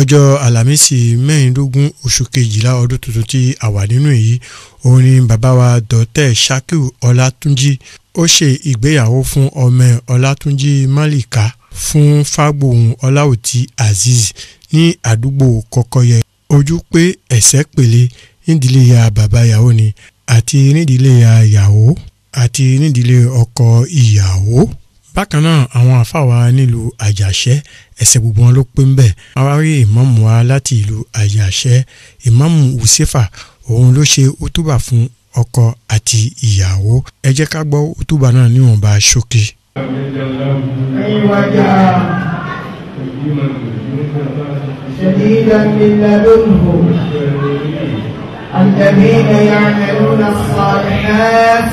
ọjọ́ àlàmísì mẹ́rìndínlógún oṣù kejìlá ọdún tuntun tí a wà nínú èyí òun ni bàbá wa dọ́tẹ̀ shakiu ọlátúnjì ó ṣe ìgbéyàwó fún ọmọ ọlátúnjì málìkà fún fágbóhùn ọláòtí azeez ní àdúgbò kọkọyẹ ojú pé ẹsẹ̀ pèlè nídìílé ya bàbá yàwó ni àti nídìílé ya yàwó àti nídìílé ọkọ ìyàwó bákan náà àwọn àáfàá wa nílùú àjàṣẹ́ ẹsẹ̀ gbogbo wọn ló pé ń bẹ̀ wọn wá rí ìmáàmù wa láti ìlú àjàṣẹ́ ìmáàmù wùsífà òun ló ṣe útúbà fún ọkọ àti ìyàwó ẹ jẹ́ ká gbọ́ útúbà náà níwọ̀nba ṣókí. شديدا من لدنه الذين يعملون الصالحات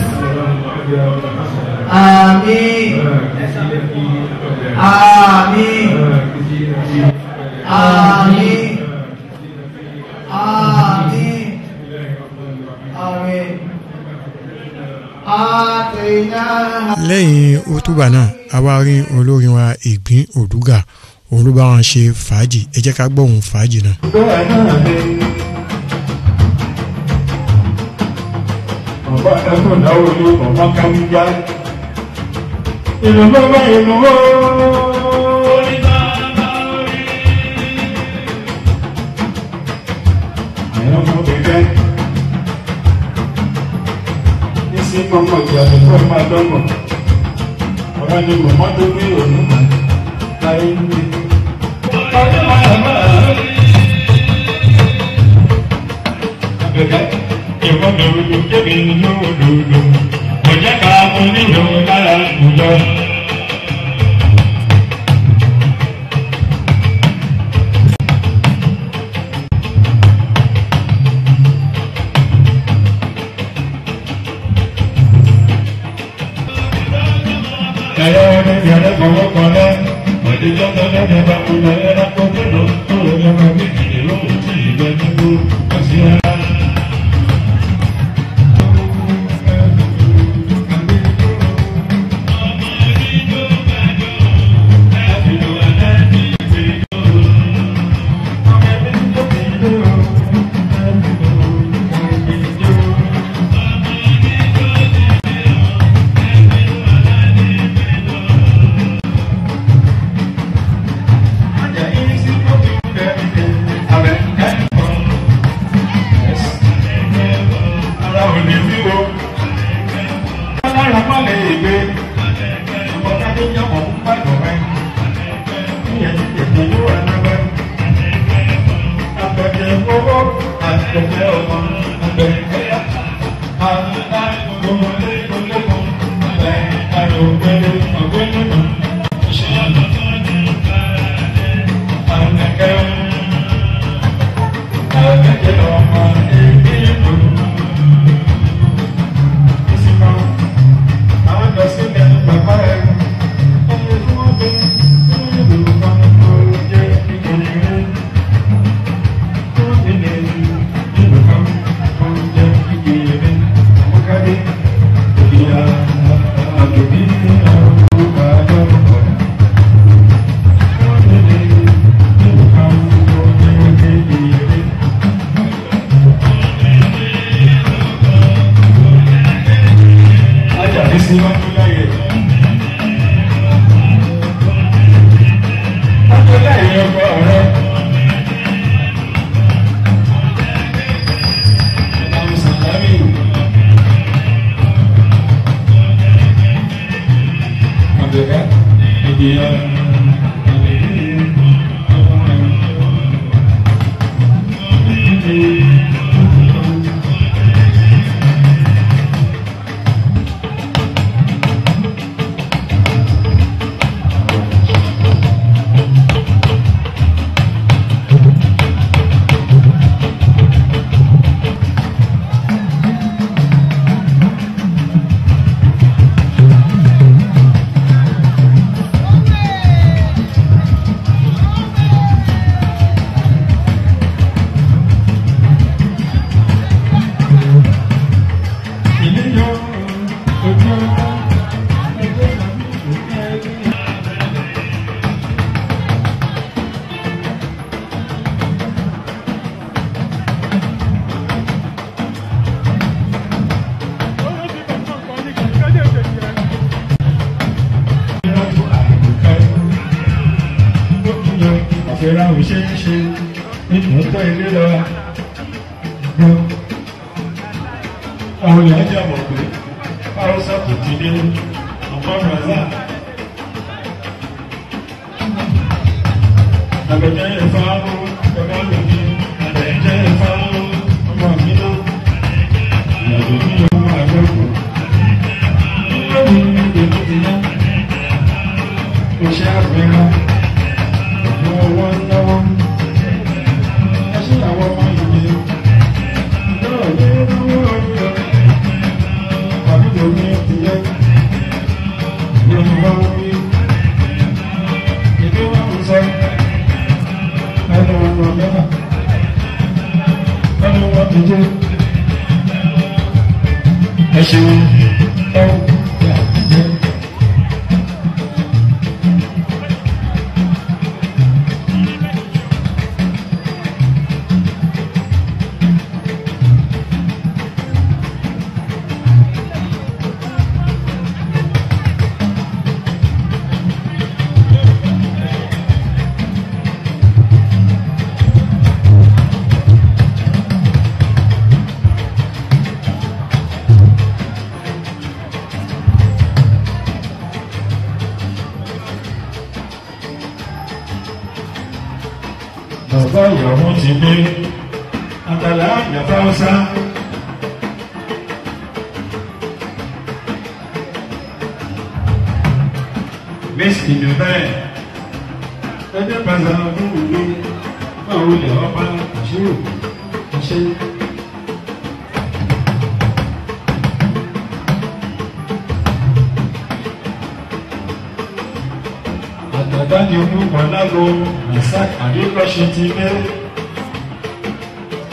Àmín. Àmín. Àmín. Àmín. Àmín. Lẹ́yìn òtúbà náà, a wá rí olórin wa Ìgbín Òdúgà òun ló bá ṣe fàájì ẹ jẹ́ ká gbọ́ fàájì náà. ọ̀pá ẹ̀kọ́ náà wọlé ọ̀pá kámi já ìlú bàbá ìlú wó. àyàn mú bẹ̀rẹ̀ ní sí mọ́mọ́ ìyàtọ̀ fún ọmọ àdánwò ọ̀rọ̀ ni mọ̀mọ́dé ní òun mọ̀ láyé ń bí. ọdún máa bá a lórí. àgbẹ̀dẹ ìwọ́n mi ò lè jẹ́ mi ní òdodo jẹ́ ká fún nílò lára àwùjọ. ẹ̀yọ́ ọdún yẹn lẹ́kọ̀ọ́ wọ́pọ̀ lẹ́ òdìjọ́ tó lẹ́nu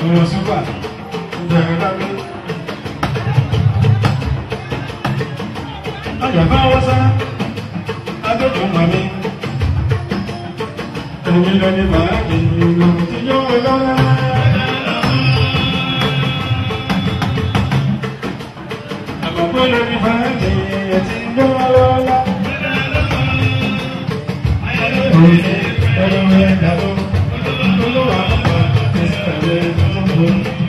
ọ̀rọ̀ sígbà ìbẹ̀rẹ̀ dábí. àyàbá wọ́sá adéjọ́ màmí èmi lọ ní màá kì í lọ tí yóò lọ́la. àkókò lórí màá kì í ti yóò lọ́la. Thank you. Hare Rama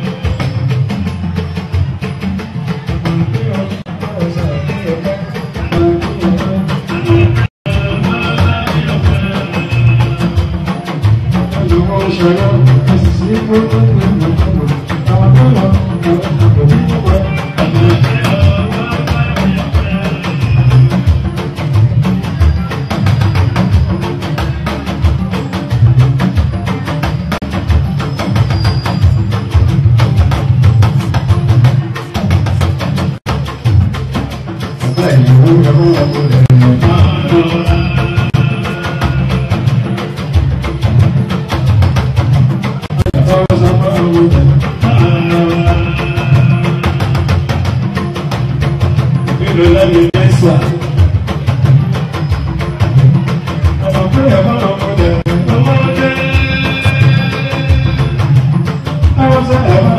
a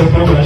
Gracias,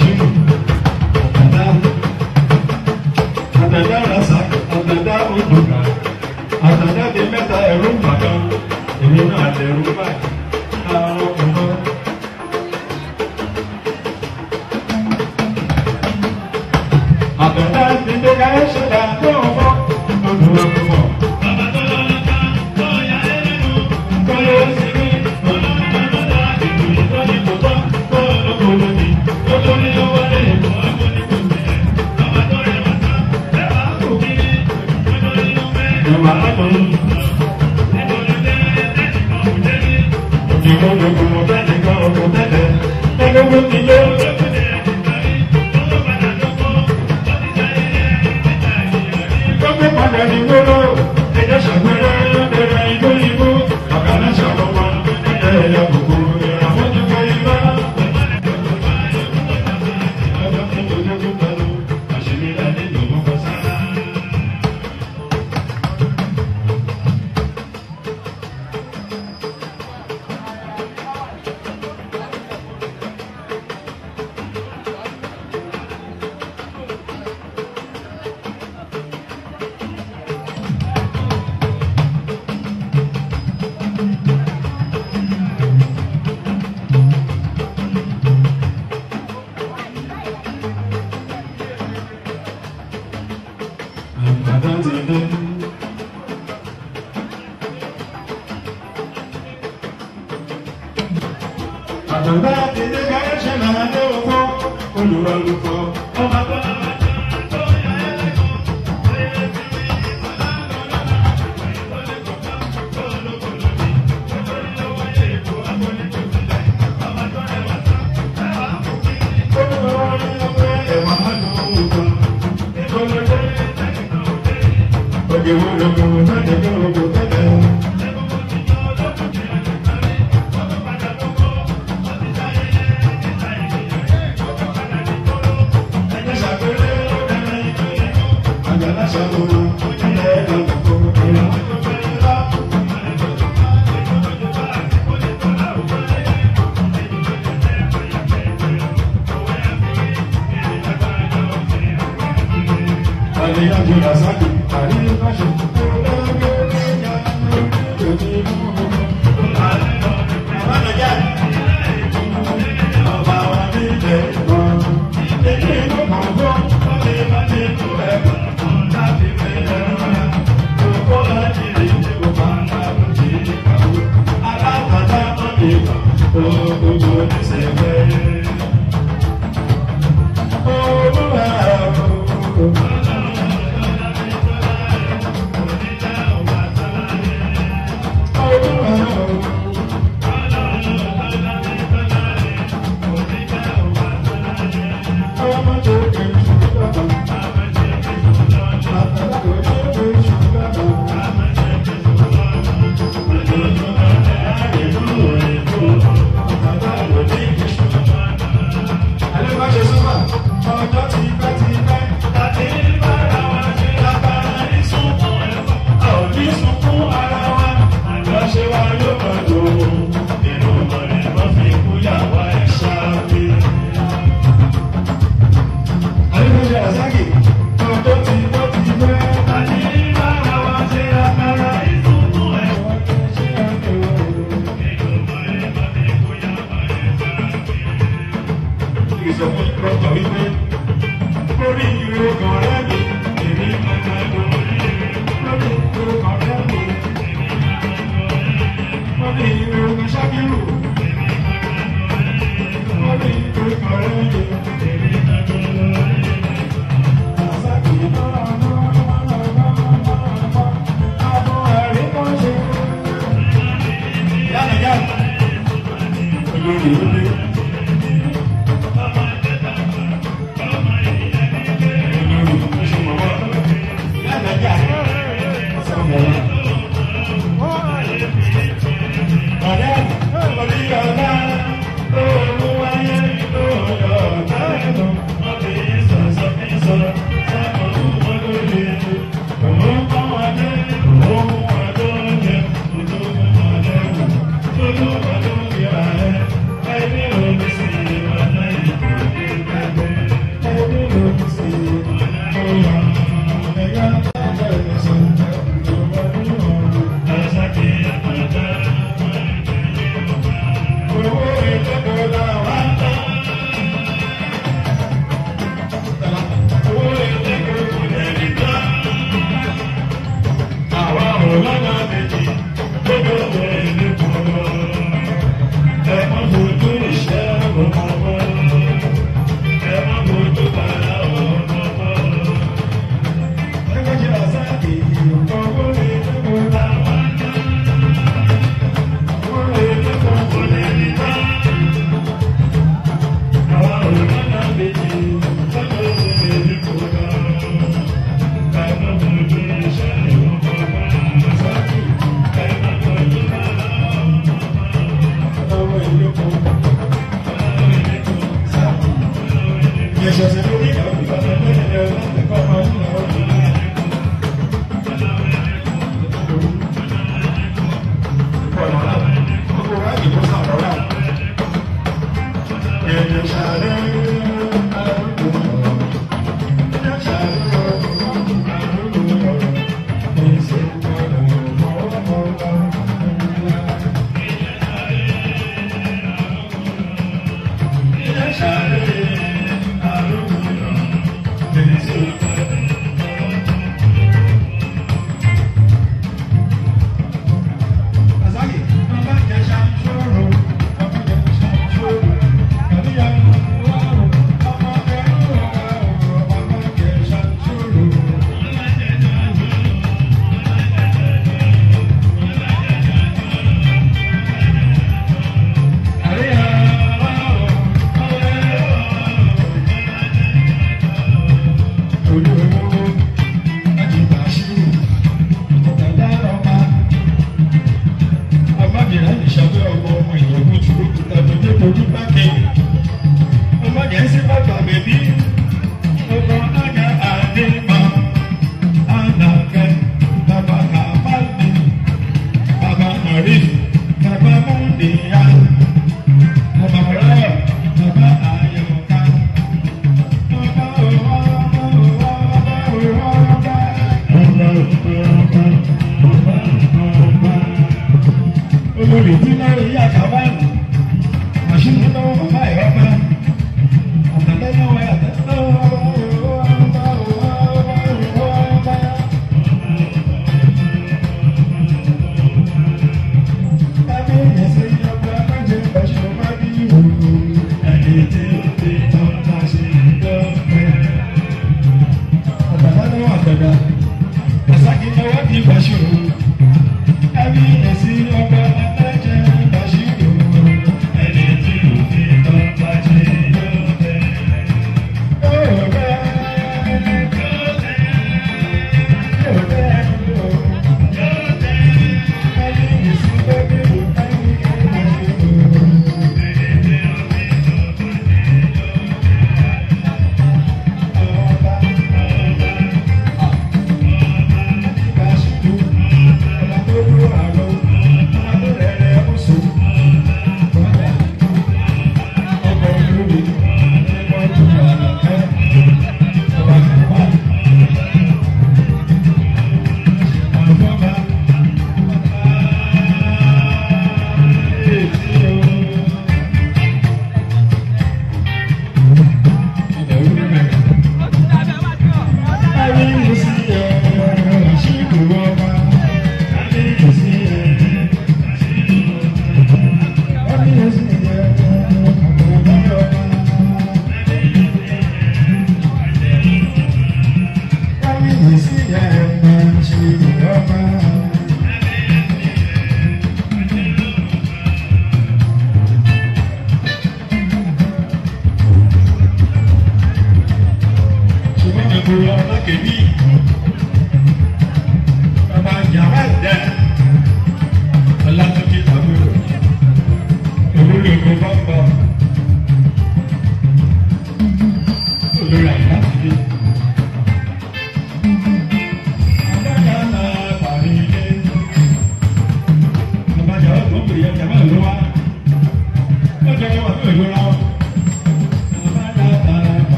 Thank you.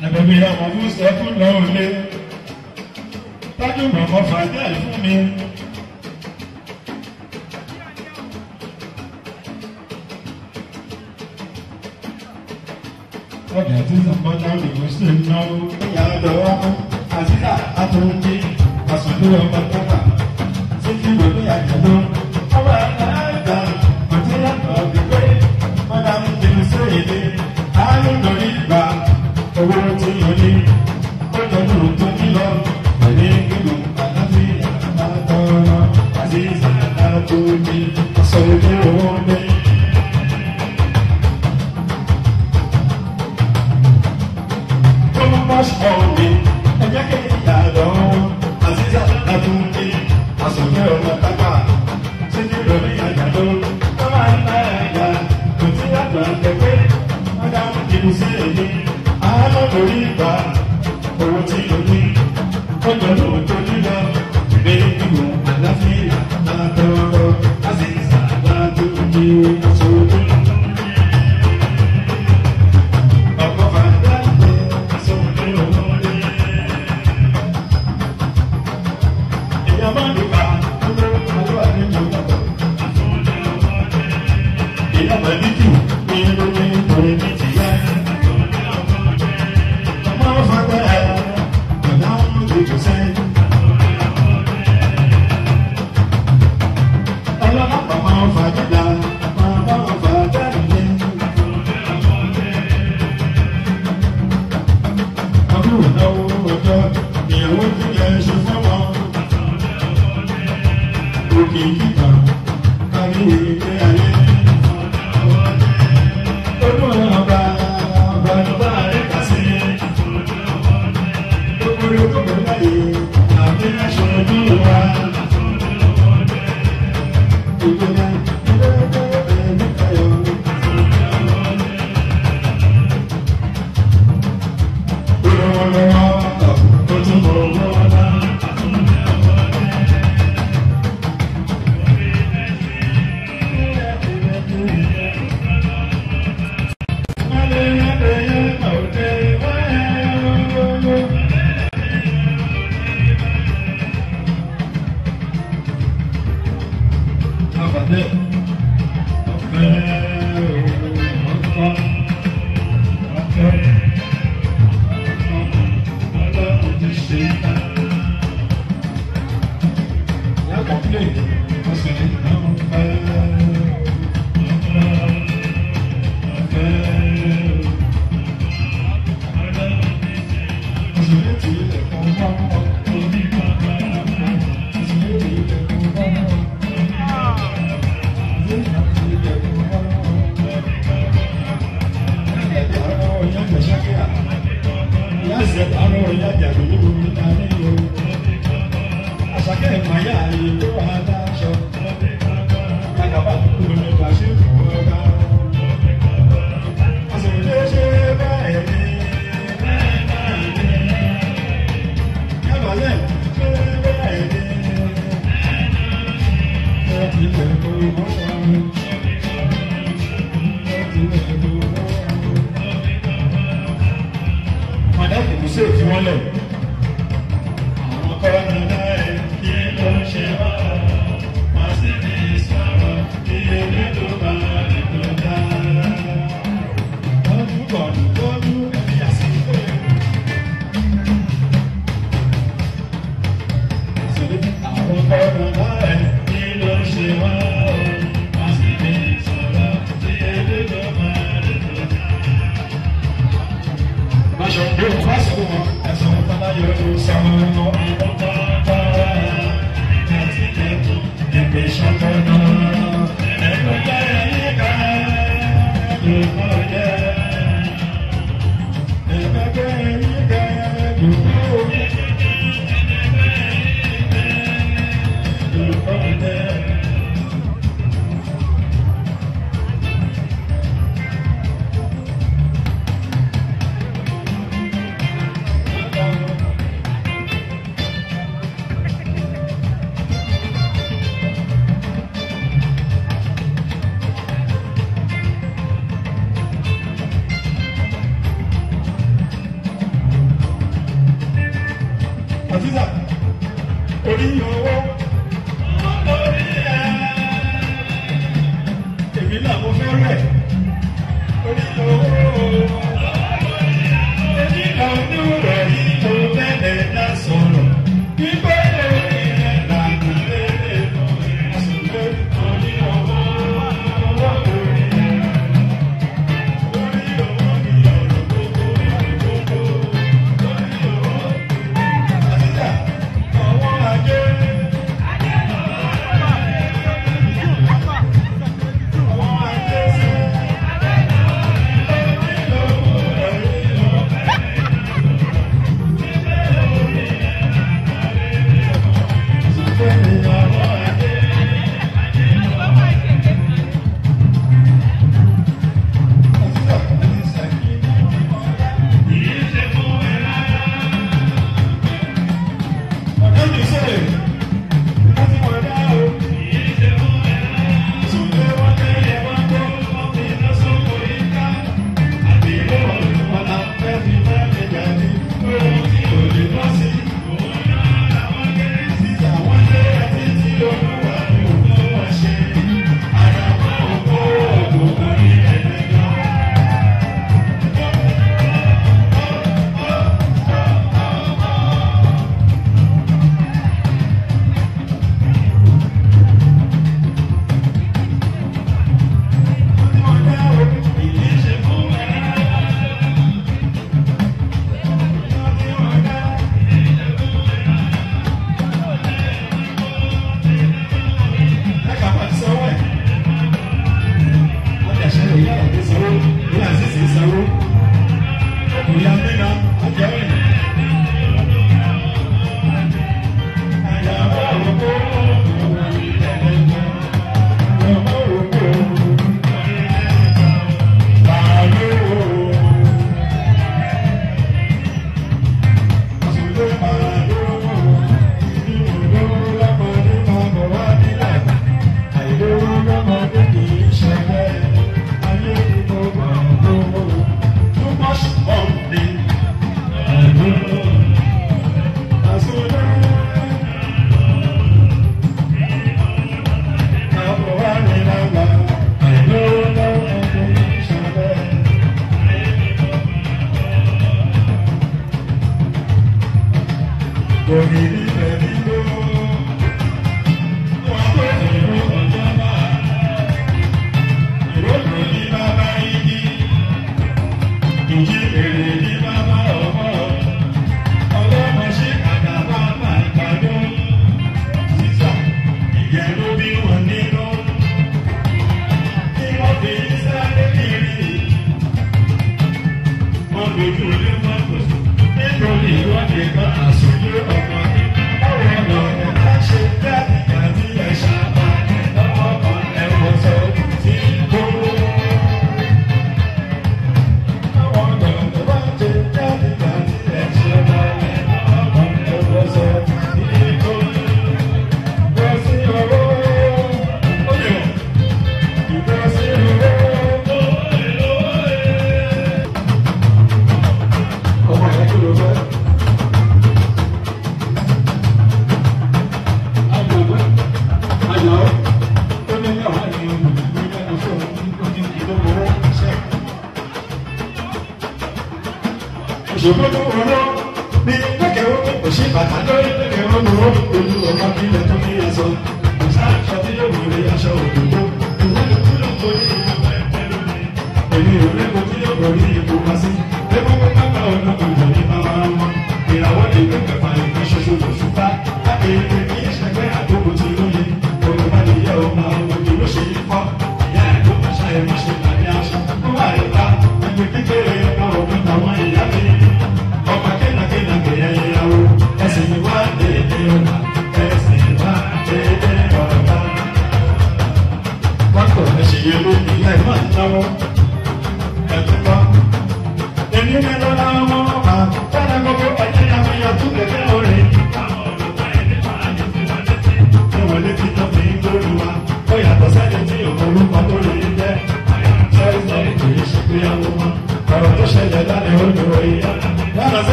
jò àbẹ̀bí ọmọ musa fún lọ́wọ́ lé tájú mọ̀mọ́ fàájà fún mi. ọjà tí sàmbọ́dá òdìbò ṣe ń náwó. ìyá ọ̀dọ̀ wa àti àtúntì àsùnjúwọ̀ pátá. to me, so you Thank you. Okay.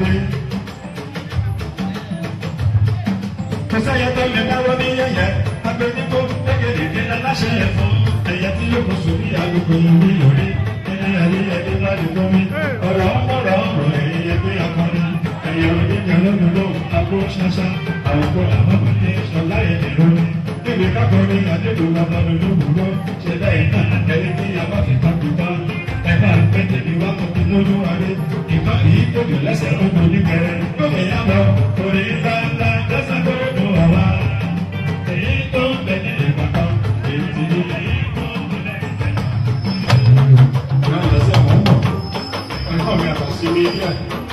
dé. kò sẹ́yẹ ya, lè ko ní yẹ̀yẹ́ agbẹnigbó na aláṣẹ yẹ fún ẹ̀yẹ tí yóò kó sórí àlùkò ìwé lórí ilé ayé ẹ̀dẹ́ láti tó mi ọ̀rọ̀ ọ̀rọ̀ ọ̀rọ̀ ẹ̀yẹ pé akọni ẹ̀yẹ oníyàn lónìí lóhùn agbó ṣáṣá àwòkọ àmọ́bìnrin ṣọlá ẹ̀dẹ̀ lórí níbi kákọrin adébòwò abánilówùrọ̀ ṣẹ̀dá ìtàn àtẹ̀lé ní abáfipágbépá tèmi wá kókó mójú wáyé ìbọn yìí tóbi lẹ́sẹ̀ lóko ní kẹrẹ lókè yá lọ orí ńláńlá lọ́sàn tó lè dùn wàwá èyí tó ń bẹ ní ìbátan èyí ti ní èyí tó ń bẹ ní ìbátan. Ìyá ìdásí àwọn ọmọ ẹ̀kọ́ mi àbàsí mi yíyá.